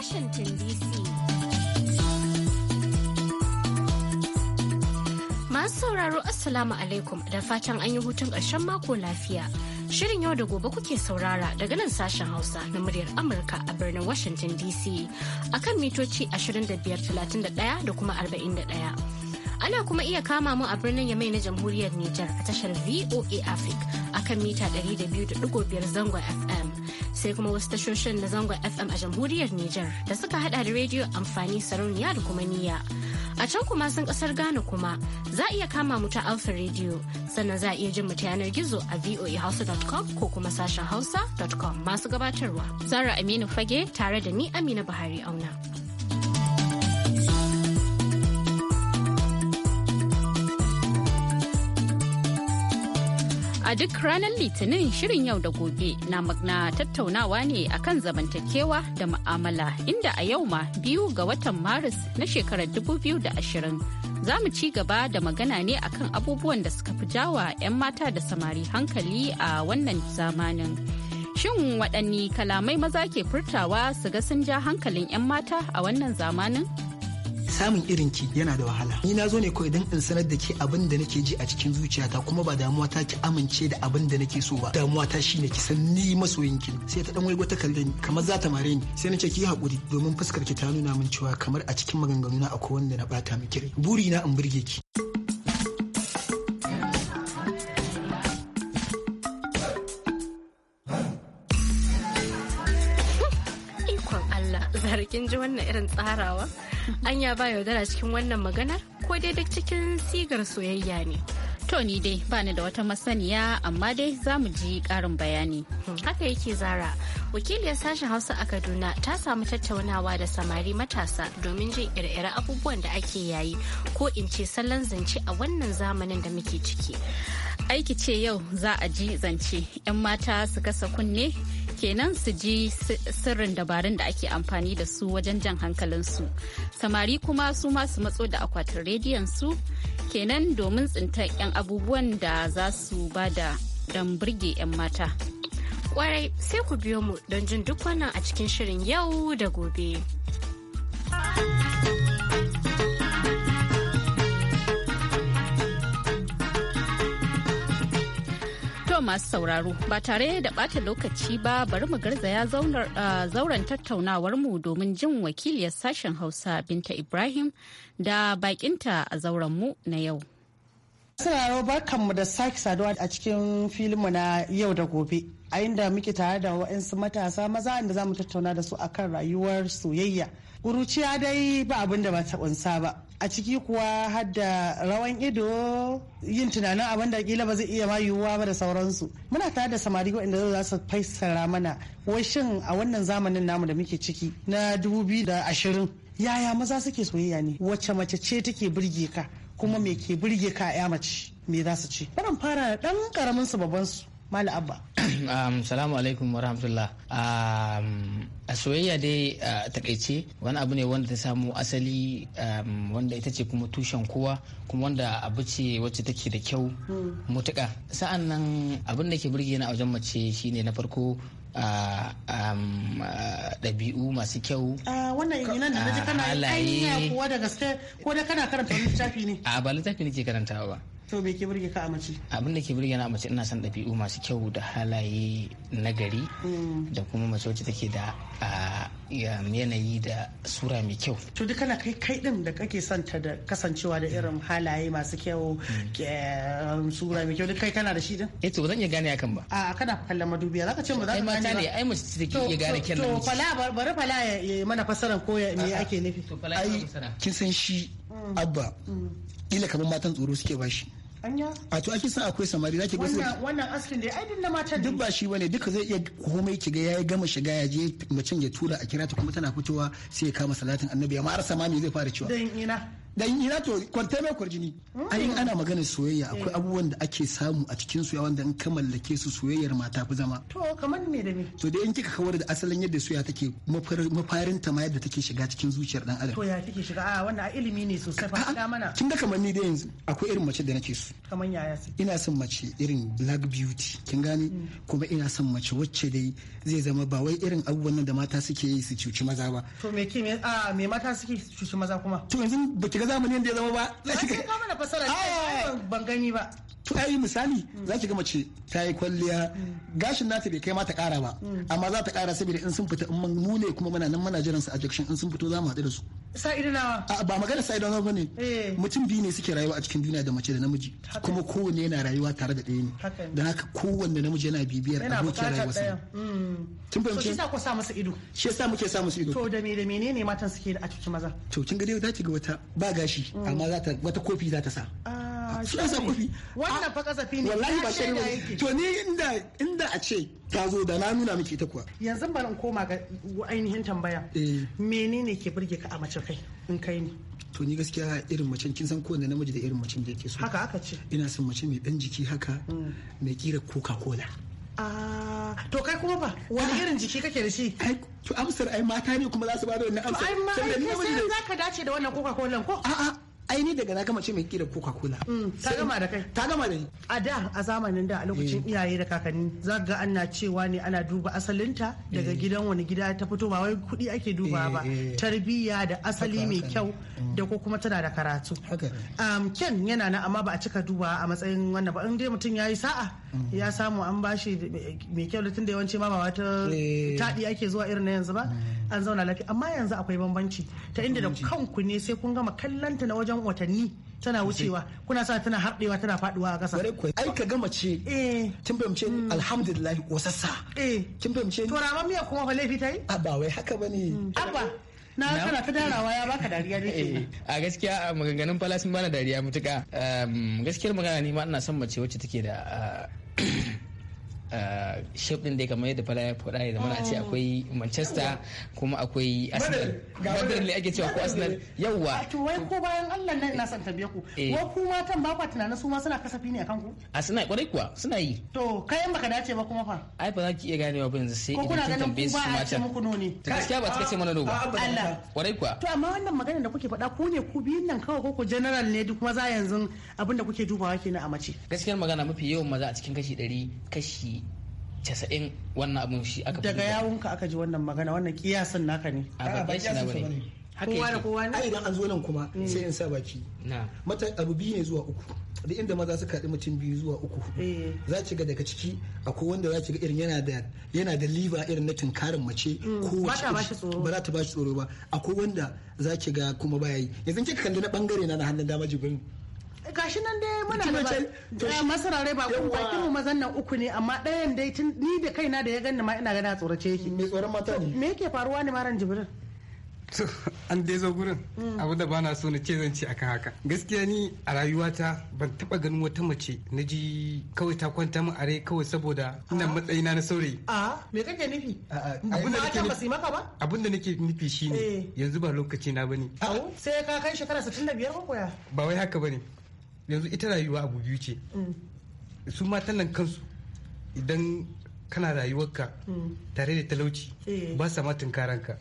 Washington DC. Masu sauraro Assalamu alaikum da fatan an yi hutun ƙarshen mako lafiya. Shirin yau da gobe kuke saurara daga nan sashen Hausa na muryar Amurka a birnin Washington DC akan mitoci 2531 da kuma 41. ana kuma iya kama mu a birnin yamai na jamhuriyar Nijar a tashar VOA Africa a kan mita 200.5 zangon FM. sai kuma wasu tashoshin na zangon FM a jamhuriyar Nijar da suka hada da rediyo amfani sarauniya da kuma niyya. A can kuma sun kasar Ghana kuma za a iya kama mu ta Alfa rediyo sannan za a iya jin mu yanar gizo a voahausa.com ko kuma sashen hausa.com masu gabatarwa. Zara Aminu Fage tare da ni Amina Buhari Auna. A duk ranar Litinin shirin yau da gobe na magna tattaunawa ne akan zamantakewa da ma'amala inda a yau ma biyu ga watan Maris na shekarar 2020 za mu ci gaba da magana ne akan abubuwan da suka fi jawa 'yan mata da samari hankali a wannan zamanin. Shin waɗanni kalamai maza ke furtawa su ga sun ja hankalin 'yan mata a wannan zamanin? samun irin ki yana da wahala ni na zo ne kawai don in sanar da ke abin da nake ji a cikin zuciyata kuma ba damuwa ta ki amince da abin da nake so ba damuwa ta shine ki san ni masoyin ki sai ta dan waigo ta kalle ni kamar za ta mare ni sai na ce ki hakuri domin fuskar ki ta nuna min cewa kamar a cikin maganganu na akwai wanda na bata miki rai buri na in burge ki zara kin ji wannan irin tsarawa anya ba yaudara cikin wannan maganar ko dai duk cikin sigar soyayya ne to ni dai bani da wata masaniya amma dai za mu ji karin bayani hmm. haka yake zara wakiliyar sashen hausa a kaduna ta samu tattaunawa da samari matasa domin jin ire abubuwan da ake yayi ko in ce salon zance a wannan zamanin da muke ciki aiki ce yau za a ji zance 'yan mata su kasa kunne kenan su ji sirrin dabarun da ake amfani da su wajen jan hankalinsu samari kuma su masu matso da akwatin rediyon su kenan domin tsintar 'yan abubuwan da za su ba da don burge 'yan mata kwarai sai ku biyo mu don jin duk wannan a cikin shirin yau da gobe. masu sauraro ba tare da ɓata lokaci ba bari mu garzaya zauren tattaunawar mu domin jin wakiliyar sashen Hausa Binta Ibrahim da bakinta a zauren mu na yau. Sauraro barkanmu da sake saduwa a cikin filinmu na yau da gobe. A inda muke tare da waɗansu matasa maza inda za mu tattauna da su akan rayuwar soyayya. Kuruciya dai ba abin da ba ta kunsa ba. A ciki kuwa hadda rawan ido yin tunanin abin da kila ba zai iya ma yiwuwa ba da sauransu. Muna tare da samari waɗanda za su faisara mana. Wai shin a wannan zamanin namu da muke ciki na 2020 yaya maza suke soyayya ne? Wacce mace ce take birge ka? kuma me ke birge ka ya mace me za su ce. fara da ɗan ƙaramin su babban su. Mali Abba. um, salamu alaikum wa Um, a soyayya dai a uh, takaice wani abu ne wanda ta samu asali um, wanda ita ce kuma tushen kowa kuma wanda abu ce wacce take da kyau mm. mutuka. Sa'an nan abin da ke burge na a wajen mace shine na farko um, ɗabi'u masu kyau. wannan nan da naji kana yi kuwa da gaske ko da kana karanta wani littafi ne. A ba littafi ne ke karantawa ba. to me ke burge ka a mace abin da ke burge na mace ina son ɗabi'u masu kyau da halaye nagari mm. da kuma mace wacce take da yanayi da sura mai kyau to duk na kai kai din da kake son ta da kasancewa da irin halaye masu kyau mm. um, sura mai kyau duk kai kana da shi din eh to zan iya gane hakan ba a kana kallon madubiya zaka ce ba za ka gane ba ai mace take iya gane kyan to fala bari fala ya mana fasaran ko me ake nufi to fala ya kin san shi mm. abba kila kamar matan tsoro suke bashi a to ake sa akwai samari zaki ga wannan askin da ai din na mata duk ba shi bane duka zai iya komai kiga yayi gama shiga ya je mace ya tura a kira ta kuma tana fitowa sai ya kama salatin annabi amma arsa ma zai fara ciwa dan ina dan ina to kwanta mai kwarjini ai mm. ana magana soyayya akwai eh. abubuwan da ake samu a cikin soyayya wanda in ka ke su soyayyar mata fi zama to kamar me da me to dai in kika kawar da asalin yadda soyayya take mafarin ta ma yadda take shiga cikin zuciyar dan adam to ya take shiga a wannan ilimi ne sosai fa da mana kin da kamar ni dai yanzu akwai irin mace da nake so kamar yaya ina son mace irin black beauty kin gane mm. kuma ina son mace wacce dai zai zama ba wai irin abubuwan nan da mata suke yi su cuci maza ba to me ke me a me mata suke cuci maza kuma to yanzu ba ki zamani yadda ya zama ba. Ba ka mana fasara ban gani ba. to ai misali za ki ga mace ta yi kwalliya gashin nata bai kai ma ta kara ba amma za ta kara saboda in sun fita in mu ne kuma muna nan muna jiran su a junction in sun fito za mu haɗu da su Sa'idina. ba magana Sa'idina ba ne eh. mutum biyu ne suke rayuwa a cikin duniya da mace da namiji kuma kowanne yana rayuwa tare da ɗaya ne don haka kowanne namiji yana bibiyar abokiyar sa tun fahimci shi sa ko sa masa ido shi yasa muke sa musu ido to da me da menene matan suke da a cikin maza to kin ga dai ta ga wata ba gashi hmm. amma za ta wata kofi za ta sa ah. wannan fa kasafi ne wallahi ba shari ba to ni inda inda a ce ta zo da na nuna miki ita kuwa yanzu in koma ga ainihin tambaya eh. menene ke burge ka a mace kai in kai ne to ni gaskiya irin macen kin san kowane namiji da irin macen da yake so haka haka ce ina son mace mai dan jiki haka mm. mai kira coca cola ah, to kai kuma ba wani ah. irin jiki kake da shi to amsar ai mata ne kuma za su ba da wannan amsar ai ma sai za ka dace da wannan coca cola ko a'a aini daga na gama ce mai kira coca cola mm, ta gama da kai ta gama da ni a da a zamanin da a lokacin eh. iyaye da kakanni za ga ana cewa ne ana duba asalinta daga eh. gidan wani gida ta fito ba wai kuɗi ake duba ba eh, tarbiyya da asali mai kyau mm. da ko kuma tana da karatu um, ken yana na amma ba a cika duba a matsayin wannan ba in dai mutum ya yi sa'a mm. ya samu an bashi mai kyau da tun da yawanci ma ba wata taɗi ake zuwa irin na yanzu ba an zauna lafiya amma yanzu akwai bambanci ta inda da kanku ne sai kun gama kallanta na wajen watanni tana wucewa kuna sa tana haɗewa tana faduwa a ƙasa. Ai ka gama ce. Eh. Kin fahimce ni mm. alhamdulillah wasassa. Eh. Kin fahimce ni. To ma miya kuma fa laifi ta yi? A ba wai haka bane. Mm. Abba. na kana ta darawa ya baka dariya ne eh, a gaskiya a maganganun fala sun bana dariya mutuka ehm, gaskiyar magana ni ma ina son mace wacce take da ah, Uh, shef din ya kamar yadda fara ya faɗa ya zamana a ce ah. akwai manchester kuma akwai arsenal madrid ne ake cewa ko arsenal yawwa ah, to wai ko bayan allah nan ina son tambaye ku ko eh. kuma tan ba kwa tunanin su ma suna kasafi ne akan ku a suna kwarai kuwa suna yi to kayan baka dace ba kuma fa ai ba za ki iya ganewa ba yanzu sai idan kin tambaye su matan ko kuna ganin ku ba a gaskiya ba kika ce mana ba allah kwarai kuwa to amma wannan magana da kuke faɗa ku ne ku biyun nan kawai ko ku general ne duk maza yanzu abinda da kuke dubawa kenan a mace gaskiyar magana mafi yawan maza a cikin kashi 100 kashi casa'in wannan abin shi aka daga yawunka aka ji wannan magana wannan kiyasan naka ne a babban shi na bane kowa da kowa ne idan an zo nan kuma sai in sa baki mata abu biyu ne zuwa uku da inda maza suka haɗu mutum biyu zuwa uku za ki ga daga ciki akwai wanda za ki ga irin yana da yana da liver irin na tunkarin mace ko ba ta ba shi tsoro ba za ta ba shi tsoro ba akwai wanda za ki ga kuma baya yi yanzu kika kalli na bangare na na hannun dama jibrin gashi nan dai muna da masarare ba eh, kun baki mu mazan nan uku ne amma ɗayan dai tun ni da kaina da ya ganni ma ina gana tsorace yake me tsoron mata ne me yake faruwa ne maran jibril to an dai zo gurin mm. abu da bana so na ce zan ce akan haka gaskiya ni a rayuwata ban taba ganin wata mace na ji kawai ta kwanta min are kawai saboda ina ah. matsayina na saurayi a ah, me kake nufi abin da nake nufi maka ba abin da nake nufi shine eh. yanzu ba lokaci na bane sai ka kai shekara 65 ko koya ba wai haka bane yanzu ita rayuwa abu biyu ce mm. su matan nan kansu idan kana rayuwarka mm. tare da talauci eh. ba sa ma tunkaranka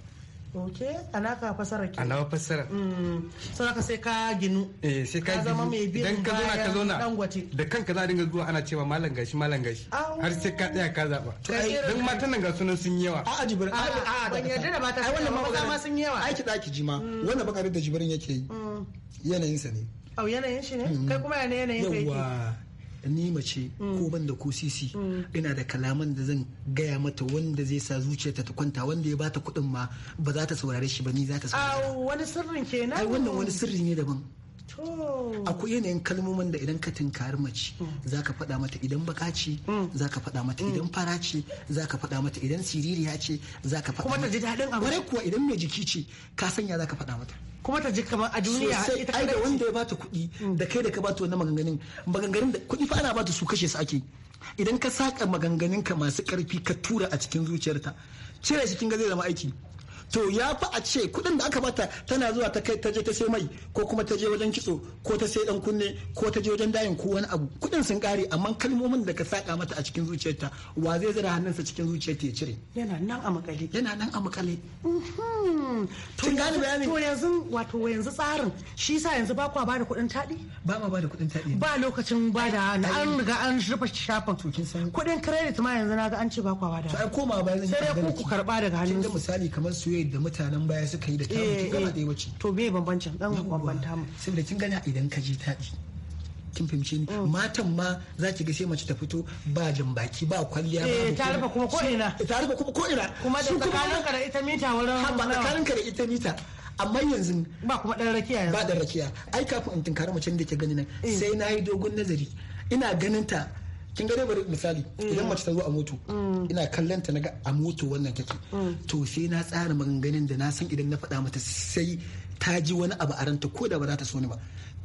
ok alaka fasara ke alaka fasara mm. saboda sai ka ginu eh sai ka zama mai biyan dan ka zauna ka zauna da kanka za a dinga zuwa ana cewa malam gashi malam gashi ah. har sai ka tsaya ka zaba dan matan nan ga sunan sun yawa a jibrin a a ban yarda da mata ai wannan ma ma sun yawa ai ki ji jima wannan bakarin da jibrin yake yi yanayin sa ne au yanayin shi ne mm. kai kuma yana yanayin kai yawa ni mace mm. ko ban da ko sisi mm. ina da kalaman da zan gaya mata wanda zai sa zuciyarta ta kwanta wanda ya bata kuɗin ma ba za ta saurare shi ba ni za ta saurare wani sirrin kenan ai wannan wani sirri ne daban akwai yanayin kalmomin da idan ka tunkari mace za ka faɗa mata idan baka ce za ka faɗa mata idan fara ce za ka faɗa mata idan siririya ce za ka faɗa mata kuma ta ji daɗin abu kuwa idan mai jiki ce ka sanya za ka faɗa mata kuma ta ji kamar a duniya ita ai da wanda ya bata kuɗi da kai da ka bata wannan maganganun maganganun da kuɗi fa ana bata su kashe su ake idan ka saka maganganun ka masu karfi ka tura a cikin zuciyarta cire shi kin ga zai zama aiki to ya fi a ce kuɗin da aka bata tana zuwa ta kai ta je ta sai mai ko kuma ta je wajen kitso ko ta sai dan kunne ko ta je wajen dayin ko wani abu kuɗin sun kare amma kalmomin da ka saka mata a cikin zuciyarta wa zai zira hannunsa cikin zuciyarta ya cire yana nan a makale yana nan a makale mhm. to yanzu wato yanzu tsarin shi sa yanzu ba kwa bada kuɗin taɗi ba ma bada kuɗin taɗi ba lokacin bada an riga an rufe shafin kuɗin credit ma yanzu na ga an ce ba kwa bada sai dai ku karba daga hannun misali kamar su tambayar da mutanen baya suka yi da tamu kin eh, gaba eh. ɗaya wace to me bambancin dan bambanta mu saboda kin gani idan ka je taɗi kin fahimce ni mm. matan ma za ki ga sai mace ta fito ba jambaki ba kwalliya ba eh, ta rufe kuma ko ina ta rufe kuma ko ina kuma da tsakaninka da ita mita wurin ba tsakaninka da ita mita amma yanzu ba kuma dan rakiya yanzu ba dan rakiya ai kafin in tinkara mace da ke gani nan sai na yi dogon nazari ina ganin ta kin ga bari misali idan mm. mace ta zo a moto mm. ina kallon ta naga a moto wannan take mm. to sai na tsara maganganun da na san idan na faɗa mata sai ta ji wani abu a ranta ko da ba za ta so ni ba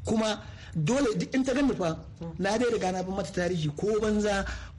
kuma dole in ta gani fa na dai riga na bin mata tarihi ko banza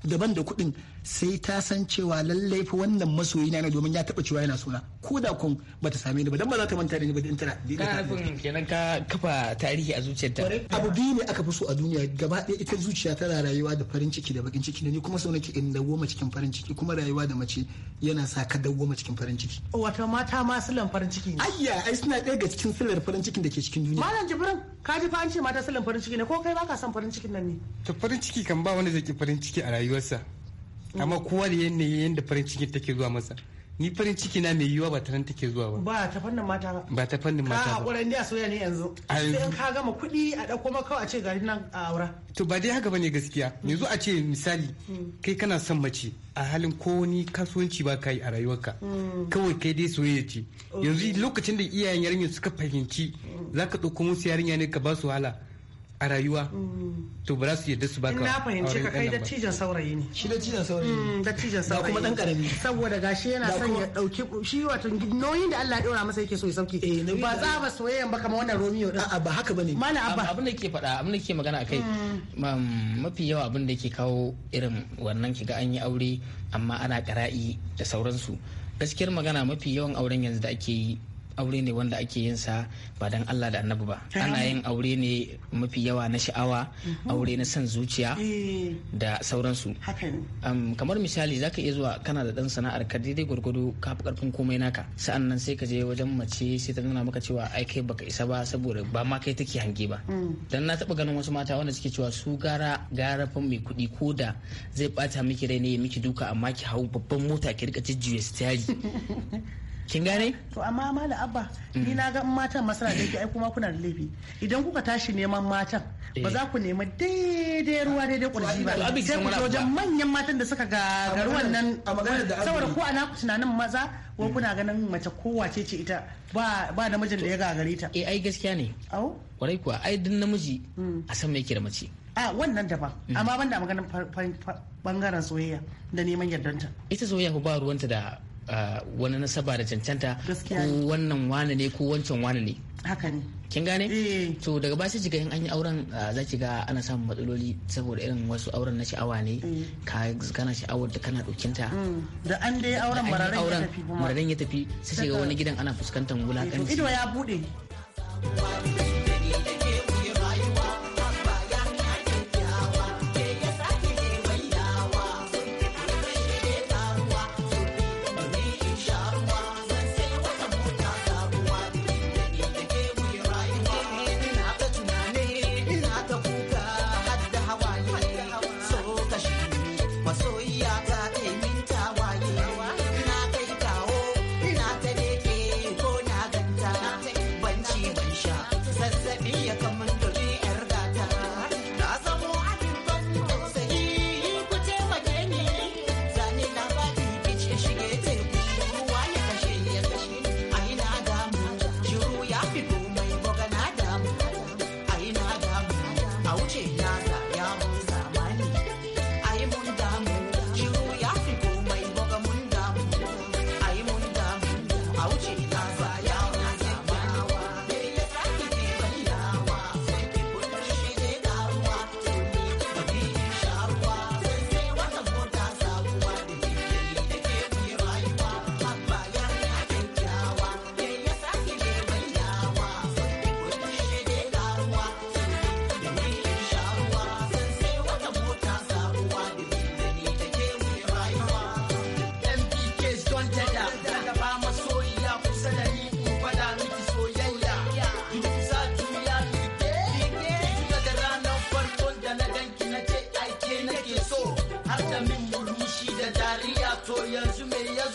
daban da kuɗin sai ta san cewa lallai fa wannan masoyi na domin ya taɓa cewa yana suna ko da kun ba ta same ni ba dan ba za ta manta da ni ba in tana kana kenan ka kafa tarihi a zuciyarta abu biyu ne aka fi so a duniya gaba ɗaya ita zuciya tana rayuwa da farin ciki da bakin ciki da ni kuma sauna nake in dawwama cikin farin ciki kuma rayuwa da mace yana sa ka dawwama cikin farin ciki wato mata ma silan farin ciki ne ayya ai suna ɗaya ga cikin silar farin cikin da ke cikin duniya malam jibrin ka ji fa an ce mata silan farin ciki ne ko kai baka son farin cikin nan ne to farin ciki kan ba wanda zai ki farin ciki a rayuwa rayuwarsa amma kowa da yanayi yadda farin ciki take zuwa masa ni farin ciki na mai yiwuwa ba ta nan take zuwa ba ba ta fannin mata ba ba ta fannin mata ba ka hakuran dai a soya ne yanzu sai in ka gama kuɗi a ɗauko maka a ce gari nan a aura to ba dai haka bane gaskiya yanzu a ce misali kai kana son mace a halin ko wani kasuwanci ba ka yi a rayuwarka mm. kawai kai dai soyayya ce yanzu lokacin da iyayen yarinya suka fahimci zaka ɗauko musu yarinya ne ka ba su wahala a rayuwa mm. to ba za su yadda su baka na fahimci ka kai dattijan saurayi ne shi dattijan saurayi ne mm, dattijan saurayi kuma dan karami saboda gashi yana son ya dauki shi wato noyin da Allah ya dora masa yake so ya sauke eh, ba za ba soyayyen ba kamar wannan Romeo din a'a ba haka bane mana abba abin da ke faɗa abin da ke magana akai mm. mafi yawa abin da ke kawo irin wannan kiga an yi aure amma ana kara'i da sauransu gaskiyar magana mafi yawan auren yanzu da ake yi aure ne wanda ake yin sa ba dan Allah da annabi ba ana yin aure ne mafi yawa na sha'awa mhm. aure na son zuciya eh. da sauransu kamar misali zaka iya zuwa kana da dan sana'ar ka daidai gwargwado ka fi karfin komai naka sa'an nan sai ka je wajen mace sai ta nuna maka cewa ai kai baka isa ba saboda ba ma kai take hange ba mm. dan na taba ganin wasu mata wanda suke cewa su gara gara fa mai kuɗi ko da zai bata miki rai ne ya miki duka amma ki hau babban mota ki rika jijjiye stari kin gane to amma mala abba ni mm. na ga matan masana da ke ai kuma kuna da laifi idan kuka tashi neman matan ba za eh. ku nemi daidai ruwa daidai kurji ba sai ku wajen manyan matan da suka ga garuwan nan saboda ko ana ku tunanin maza ko mm. kuna ganin mace kowace ce ita ba ba namijin da ya gagare ta eh ai gaskiya ne au kwarai kuwa ai duk namiji mm. a san me yake da mace a wannan daban amma ban da maganin bangaren soyayya da neman yardanta ita soyayya ba ruwanta da Uh, wani nasaba da cancanta ko wannan wane ne ko wancan wane ne haka ne kin gane eh. to daga ba sai jiga in an yi auren uh, za ki ga ana samun matsaloli saboda irin wasu auren na sha'awa ne eh. ka kana sha'awar da kana dokinta mm. da an dai auren mararin ya tafi sai ga wani gidan ana fuskantar eh, wulakanci ido ya bude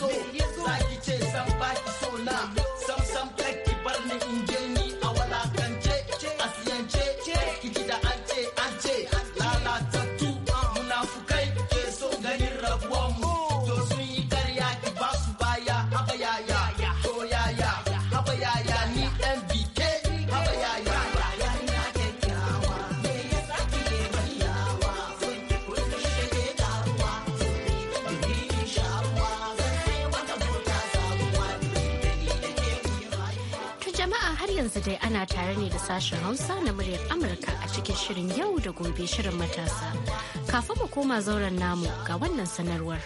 Yeso, sou. kuna tare ne da sashen Hausa na muryar Amurka a cikin shirin yau da gobe shirin matasa. Kafin mu koma zauren namu ga wannan sanarwar.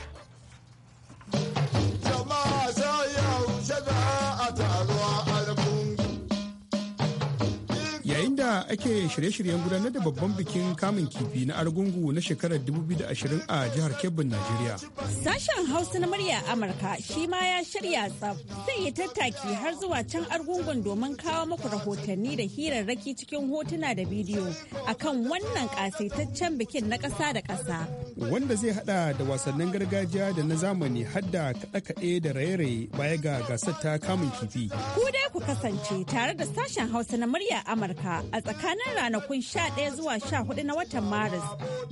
ake shirye-shiryen gudanar da babban bikin kamun kifi na argungu na shekarar 2020 a jihar kebbin najeriya sashen hausa na murya amurka shi ma ya shirya tsaf zai yi tattaki har zuwa can argungun domin kawo muku rahotanni da hirarraki cikin hotuna da bidiyo akan wannan kasaitaccen bikin na ƙasa da ƙasa wanda zai hada da wasannin gargajiya da na zamani hadda kaɗe-kaɗe da raye-raye baya ga gasar ta kamun kifi ku dai ku kasance tare da sashen hausa na murya amurka a tsakanin ranakun 11 zuwa 14 na watan Maris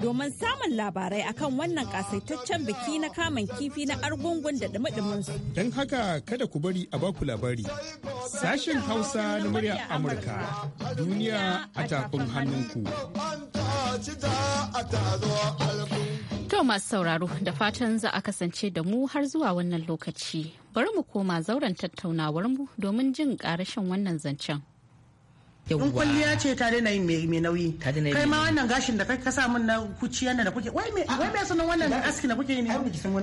domin samun labarai akan wannan kasaitaccen biki na kamun kifi na argungun da dumi su. Don haka kada ku bari a baku labari. Sashen Hausa na murya Amurka duniya a tafin hannunku. To masu sauraro da fatan za a kasance da mu har zuwa wannan lokaci. Bari mu koma zauren tattaunawar mu domin jin ƙarashin wannan zancen. in kwalliya ce ta daina yin mai nauyi kai ma wannan gashin da ka sa min na kuciya da kuke wai me wai me sanan wannan askin na kuke yi ne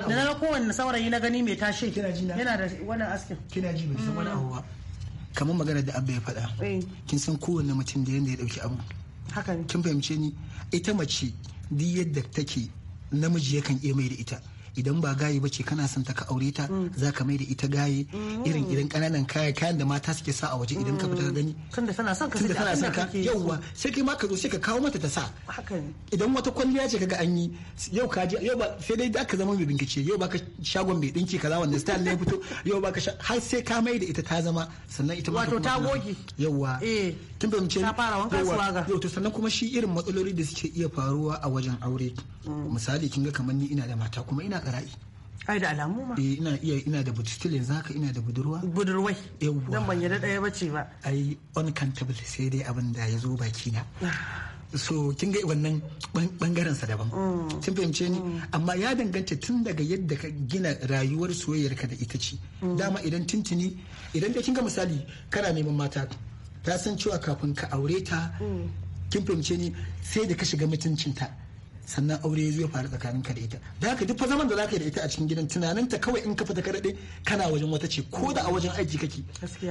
da na kowanne saurayi na gani mai tashi yana da wannan askin kina ji bai san wani abu ba mm. kamar magana da abba ya faɗa eh. kin san kowanne mutum da yanda ya dauki abu haka kin fahimce ni ita mace duk yadda take namiji yakan iya mai da ita idan ba gaye ba ce kana son ta ka aure ta mm. za ka mai da ita gaye mm. irin idan kananan kaya kayan da mata suke sa a waje idan ka fita mm. gani tunda tana son ka tunda tana son ka yauwa sai kai ma ka zo sai ka kawo mata ta sa idan wata kwalliya ce kaga an yi yau ka je yau ba sai dai da ka zama mai bincike yau ba ka shagon mai dinki kaza wanda style ne fito yau ba ka har sai ka mai da ita ta zama sannan ita wato ta goge yauwa eh. tun fahimce ta yau to sannan kuma shi irin matsaloli da suke iya faruwa a wajen aure mm. misali kin ga kamar ni ina da mata kuma ina kara'i ai da alamu ma eh ina iya ina da butistil yanzu haka ina da budurwa budurwai yawwa dan ban yarda daya bace ba ai uncountable sai dai abin da ya zo baki na so kin ga wannan bangaren sa daban tun mm. fahimce ni mm. amma ya danganta tun daga yadda ka gina rayuwar ka da ita ce dama idan tuntuni idan da kin ga misali kana neman mata ta san cewa kafin ka aure ta mm. kin fahimce ni sai da ka shiga mutuncinta sannan aure ya zo ya faru tsakanin ka da ita da haka duk fa zaman da zaka yi da ita a cikin gidan tunanin ta kawai in ka fita ka daɗe kana wajen wata ce ko da a wajen aiki kake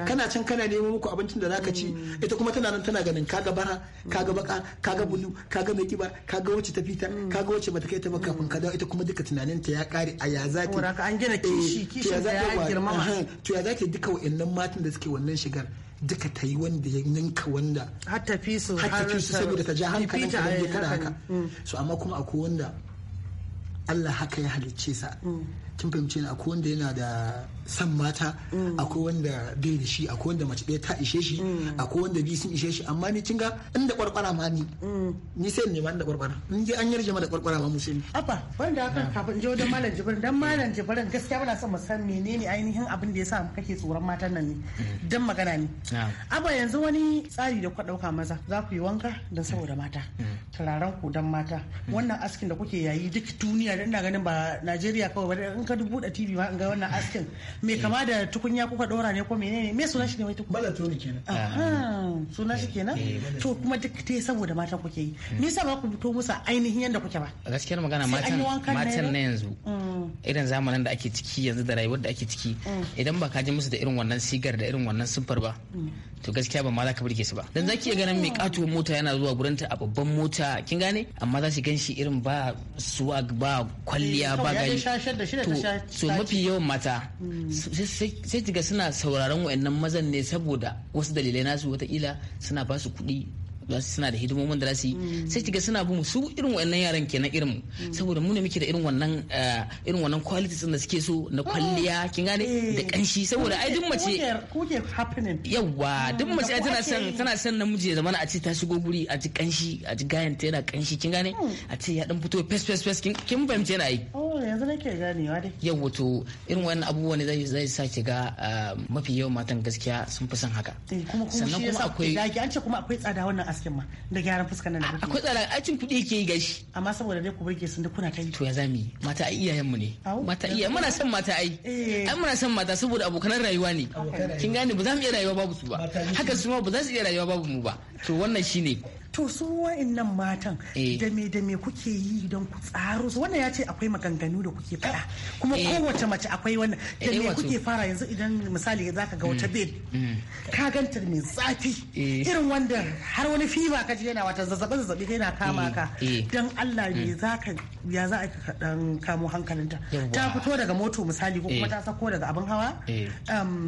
kana can kana neman muku abincin da zaka ci mm. ita kuma tana nan tana ganin kaga bara kaga baka kaga mm. bulu kaga mai kiba kaga wacce ta fita kaga wacce bata kai ta ba kafin ka dawo ita kuma duka tunanin ta ya kare a ya zaki an gina kishi kishin eh, ya girmama to ya zaki duka wa'annan matan da suke wannan shigar duka ta yi wanda ya ninka wanda har ta fi su har tafi fi su saboda ta ja hankalin ka da haka mm. so amma kuma akwai wanda Allah haka ya halicce sa mm. kin fahimci ni akwai wanda yana da san mata mm. akwai wanda bai da shi akwai wanda mace ɗaya ta ishe shi mm. akwai wanda biyu sun ishe shi amma ni kinga inda kwarkwara ma ni mm. ni sai ma da kwarkwara in je an yarje ma da kwarkwara ma musulmi abba wanda hakan kafin je wajen malam jibrin dan malam jibrin gaskiya bana son mu san menene ainihin abin da yasa kake tsoron matan nan ne dan magana ne abba yanzu wani tsari da kuka dauka maza za ku yi wanka dan saboda mata turaren ku dan mata wannan askin da kuke yayi duk duniya da ina ganin ba Najeriya kawai ba ka buɗe TV ma ga wannan askin me eh. kama da tukunya kuka dora ne ko menene me sunan shi ne wai tukunya bala toni kenan ah. sunan shi eh. kenan eh, to kuma duk te saboda mata kuke yi hmm. me yasa ba ku fito musu ainihin yanda kuke ba gaskiyar magana matan matan na yanzu hmm. irin zamanin da ake ciki yanzu da rayuwar da ake ciki hmm. idan ba ka ji musu da irin wannan sigar da irin wannan siffar ba to gaskiya ba ma za ka burge su ba dan zaki iya ganin mai katuwar mota yana zuwa gurin ta a babban mota kin gane amma za su gan shi irin ba suwa ba kwalliya ba gari. to so mafi yawan mata sai kiga suna sauraron wayannan mazan ne saboda wasu dalilai nasu watakila suna basu su kuɗi suna da hidimomin da su yi sai kiga suna bin su irin wannan yaran kenan irin saboda mu ne muke da irin wannan eh, irin wannan quality din da suke so na kwalliya kin gane eh. da kanshi saboda ai duk mace happening. yawa duk mace ai tana san tana san namiji ya zamana a ce ta shigo guri a ji kanshi a ji gayan ta yana kanshi kin gane hmm. a ce ya dan fito fes fes fes kin fahimce na yi oh, yanzu nake ganewa dai yawa to irin wannan abubuwa ne zai zai sa ki ga eh, mafi yawan matan gaskiya sun fi son haka sannan kuma akwai an ce kuma akwai tsada wannan askin ma da gyaran fuskar nan da kuke akwai tsara aikin kuɗi yake yi gashi amma saboda dai ku burge sun da kuna ta yi to ya zami mata ai iyayen mu ne mata iya muna son mata ai eh. ai muna son mata saboda abokan rayuwa ne kin gane ba za mu iya rayuwa babu su ba haka su ma ba za su iya rayuwa babu mu ba to wannan shine to su wa'annan matan eh. da me da me kuke yi don ku tsaro su wannan ya ce akwai maganganu da kuke faɗa eh. kuma eh. kowace mace akwai wannan da me kuke fara yanzu idan misali zaka ga wata mm. bed mm. ka ganta mai zafi irin wanda har wani fiba ka ji yana wata zazzabe zazzabi yana kama ka dan Allah me mm. ka ya za a ka dan kamo hankalinta ta fito daga moto misali ko kuma ta sako daga abin hawa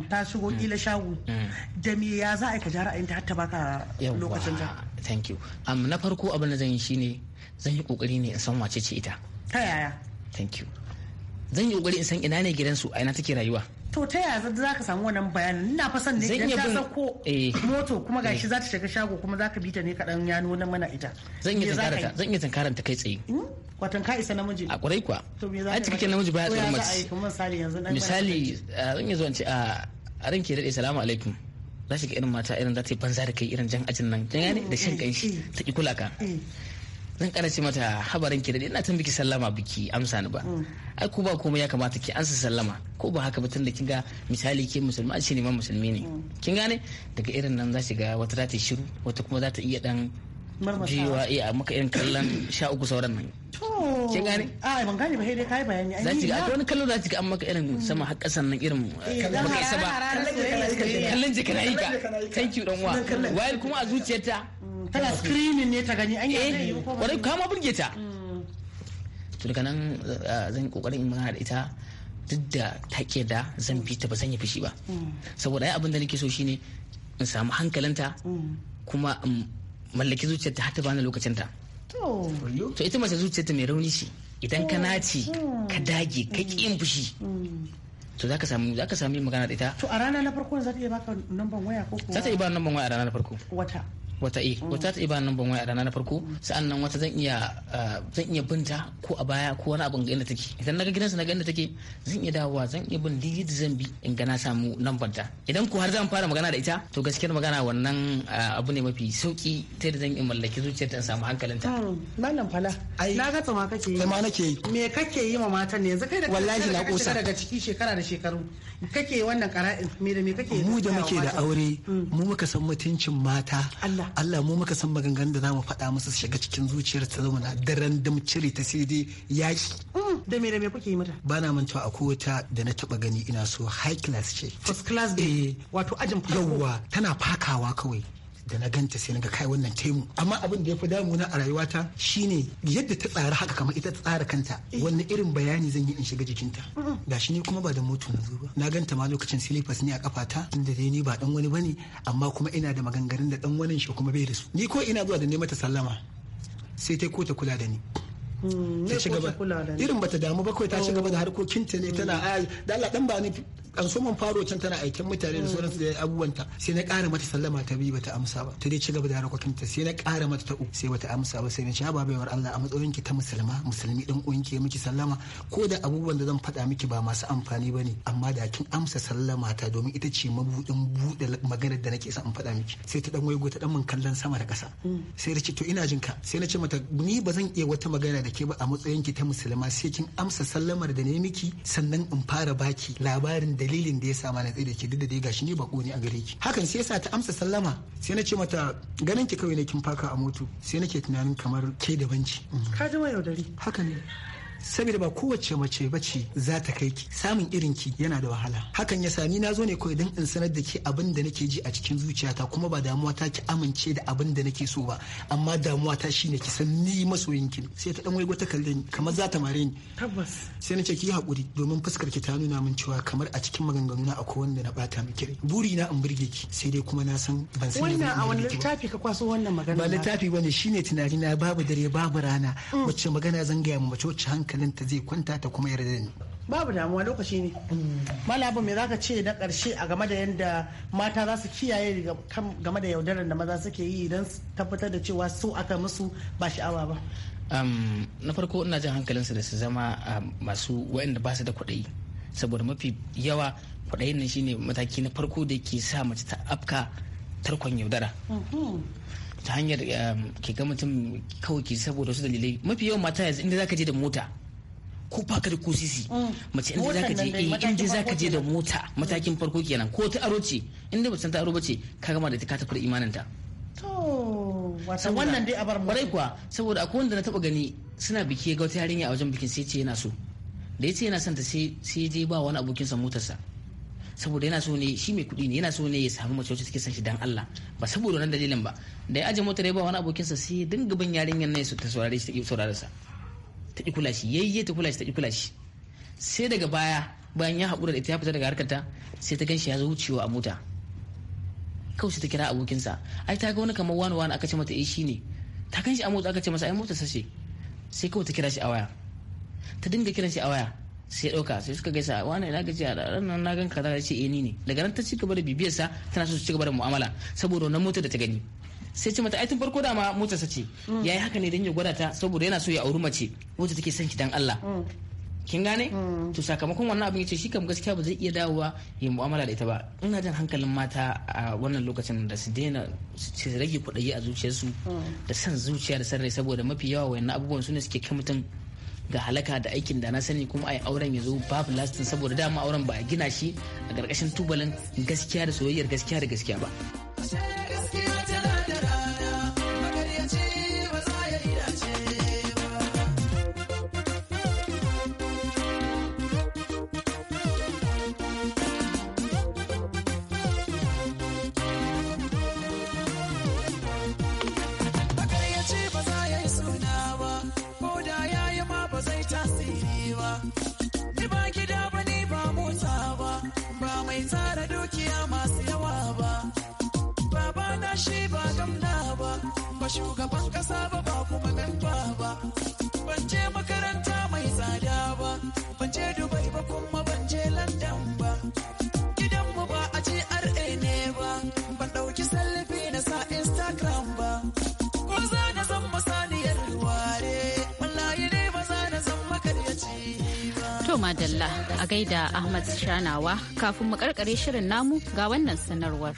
ta shigo kila shago da me ya za a ka ja ra'ayinta har ta baka lokacin ta thank you um, na farko abin da zan yi shine zan yi kokari ne in san wace ce ita ta yaya thank you zan yi kokari in san ina ne gidansu a ina take rayuwa to ta yaya za ka samu wannan bayanin ina fa san ne idan ta sako eh. moto kuma gashi eh. za ta shiga shago kuma za ka bi ta ne kaɗan ya nuna mana ita zan iya tankaranta zan yi iya ta kai tsaye hmm? watan ka isa namiji a kwarai kuwa a cikakken namiji baya tsoron mace misali eh, zan yi zuwa ce ah, a ranke daɗe salamu alaikum za shiga ga irin mata irin za ta yi banza da kai irin jan ajin nan jan da shan kanshi ta ki kula ka zan kana ce mata habarin ki da ina tun biki sallama biki amsa ni ba ai ko ba komai ya kamata ki ansa sallama ko ba haka ba tun da kin ga misali ke musulma ne ma musulmi ne mm. kin gane daga irin nan za shiga wata za ta shiru wata kuma za ta iya dan jiwa iya maka irin kallon sha uku sauran nan kin gane a ban gane ba dai kai bayani ai zaki ga wani kallo zaki ga an maka irin sama har kasan nan irin baka eh, eh, isa ba kallon jika na ka thank you dan uwa while kuma a zuciyarta mm, tana screening ne ta gani an eh, yi ko ba kama burge ta mm. to daga nan zan kokarin in magana da ita duk da ta ke da zan bi ta ba zan yi fushi ba mm. saboda ai abin da nake so shine in samu hankalinta kuma mallaki zuciyarta har ta bani ta. to ita mace zuciyarta mai rauni ce idan ka naci ka dage ka ki yin fushi mm. to za ka samu za ka samu magana da ita to a rana na farko za ta iya baka namban waya ko za ta iya baka namban waya a rana na farko wata wata e wata ta iba nan ban a rana na farko sa'an nan wata zan iya ah, zan iya binta ko a baya ko wani abin ga inda take idan naga gidansa naga inda take zan iya dawowa zan iya bin didi zan bi in ga na samu lambar ta idan ko har zan fara magana da ita to gaskiyar magana wannan ah, abu ne mafi sauki ta yadda zan iya mallaki zuciyar ta samu hankalin ta hmm, malam fala na ga tsama kake yi ma nake yi me kake yi ma matan ne yanzu kai da wallahi na kosa daga ciki shekara da shekaru kake wannan kara'in me da me kake mu da muke da aure hmm. mu muka san mutuncin mata Allah mu muka san maganganun da za mu faɗa musu shiga cikin zuciyar ta zama na daren dam cire ta sai dai yaki. Mm, da me da me kuke yi mata? Ba na a kowata da na taɓa gani ina so high class ce. First class da eh. wato ajin farko. Yawwa tana fakawa kawai. da na ganta sai naga kai wannan taimu amma abin da ya fi damuna a rayuwata shine yadda ta tsara haka kamar ita ta tsara kanta eh. wannan irin bayani zan yi in shiga jikinta shi ne kuma ba da moto na zo ba na ganta ma lokacin silifas ne a kafata Inda dai ni ba dan wani bane amma kuma ina da maganganun da dan wani shi kuma bai da su ni ko ina zuwa da ne mata sallama sai ta ko ta kula da ni Mm, ta ci gaba irin bata damu ba kawai ta ci gaba da oh. harkokinta ne tana mm. a da Allah dan ba ni an so man faro can tana aikin mutane da mm. sauransu da abubuwanta sai na ƙara mata sallama ta bi bata amsa ba ta dai ci gaba da harkokinta sai na ƙara mata ta uku sai bata amsa ba sai na ce ba baiwar Allah a matsayin ki ta musulma musulmi dan uwan ki miki sallama ko da abubuwan da zan faɗa miki ba masu amfani ba ne amma da kin amsa sallama ta domin ita ce mabudin buɗe maganar da nake son in faɗa miki sai ta dan waigo ta dan mun kallon sama da ƙasa sai ta ce to ina jin ka sai na ce mata ni ba zan iya wata magana da ke ba a matsayin ki ta musulma sai kin amsa sallamar da ne miki sannan in fara baki labarin dalilin da ya sa mana tsaye da ke duk da dai gashi ni bako ne a gare ki hakan sai yasa ta amsa sallama sai na ce mata ganin ki kawai ne kin faka a moto sai nake tunanin kamar ke da banci ka ji yaudari haka ne saboda ba kowace mace bace za ta kai ki samun irin ki yana da wahala hakan ya sani na zo ne kawai don in sanar da ke abin da nake ji a cikin zuciyata kuma ba damuwa ta ki amince da abin da nake so ba amma damuwa ta shine ki san ni masoyin ki sai ta dan waigo ta kalle ni kamar za ta mare ni tabbas sai na ce ki hakuri domin fuskar ki ta nuna min cewa kamar a cikin maganganu na akwai wanda na bata miki rai buri na in burge ki sai dai kuma na san ban san wannan a wani littafi ka kwaso wannan magana ba littafi bane shine tunani na babu dare babu rana mm. wacce magana zan gaya mu wacce hankali hankalinta zai kwanta ta kuma yarda da ni babu damuwa lokaci ne malabu me zaka ce na karshe a game da yadda mata za su kiyaye game da yaudarar da maza suke yi idan tabbatar da cewa su aka musu ba sha'awa ba na farko ina jan su da su zama masu waɗanda ba su da kuɗi saboda mafi yawa kwaɗayin nan shine mataki na farko da ke sa mace ta afka tarkon yaudara ta hanyar ke ga mutum kawai ke saboda wasu dalilai mafi yawan mata yanzu inda zaka je da mota ko baka da ko sisi mm. mace inda zaka je eh inda zaka je da mota matakin farko kenan ko ta aro ce inda ba san ta aro bace ka gama da ta ka tafi imanin ta to wannan dai a bar mu kuwa saboda akwai wanda na taba gani suna biki ga wata yarinya a wajen bikin sai ce yana so da ya ce yana son ta sai sai je ba wani abokinsa motarsa saboda yana so ne shi mai kuɗi ne yana so ne ya samu mace wacce take son shi dan Allah ba saboda nan dalilin ba da ya aje motar ya ba wani abokinsa sai dinga bin yarinyar nan ya ta saurare shi ta saurare sa ta ƙi kula shi yayye ta kula shi ta ƙi kula shi sai daga baya bayan ya haƙura da ita ya fita daga harkarta sai ta ganshi ya zo wucewa a mota kawai ta kira abokinsa ai ta ga wani kamar wani wani aka ce mata eh shine ta ganshi a mota aka ce masa ai mota sace sai kawai ta kira shi a waya ta dinga kiran shi a waya sai ɗauka sai suka gaisa wani na gaji a nan na ganka za ce eh ni ne daga nan ta ci gaba da bibiyarsa tana so su ci gaba da mu'amala saboda wannan motar da ta gani sai ce mata ai tun farko mota sa ce mm. yayi haka ne don ya gwada ta saboda yana so ya auri mace wacce take son ki dan Allah mm. kin gane mm. to sakamakon wannan abin yace shi kam gaskiya ba zai iya dawowa ya mu'amala da ita ba ina jan hankalin mata a wannan lokacin da su daina su rage kuɗaɗe a zuciyarsu da san zuciya da san rai saboda mafi yawa wayannan abubuwan su ne suke kai mutum ga halaka da aikin da na sani kuma a auren ya zo babu lastin saboda dama auren ba a gina shi a ƙarƙashin tubalin gaskiya da soyayyar gaskiya da gaskiya ba. To madalla a gaida Ahmad Shanawa kafin mu karkare shirin namu ga wannan sanarwar.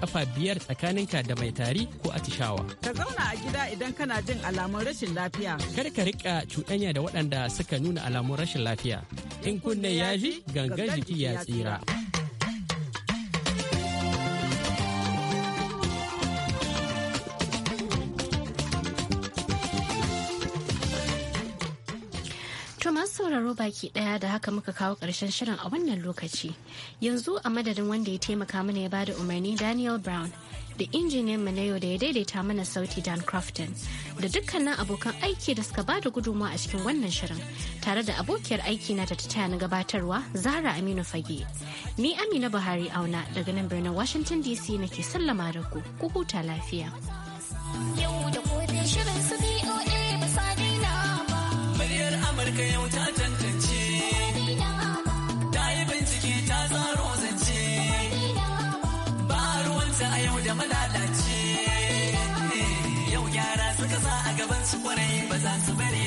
kafa biyar tsakaninka da mai tari ko atishawa. Ka zauna a gida idan kana jin alamun rashin lafiya. Kar ka rika cuɗanya da waɗanda suka nuna alamun rashin lafiya. In kunne ya ji gangan jiki ya tsira. sauraro baki daya da haka muka kawo karshen shirin a wannan lokaci. Yanzu a madadin wanda ya taimaka mana ya bada umarni Daniel Brown da injiniyan mu na yau da ya daidaita mana sauti Dan Crofton da dukkanin abokan aiki da suka bada gudunmawa a cikin wannan shirin tare da abokiyar aiki na ta taya na gabatarwa Zahra Aminu Fage. Ni Amina Buhari Auna daga nan birnin Washington DC nake sallama da ku. Ku huta lafiya. Yo. like so many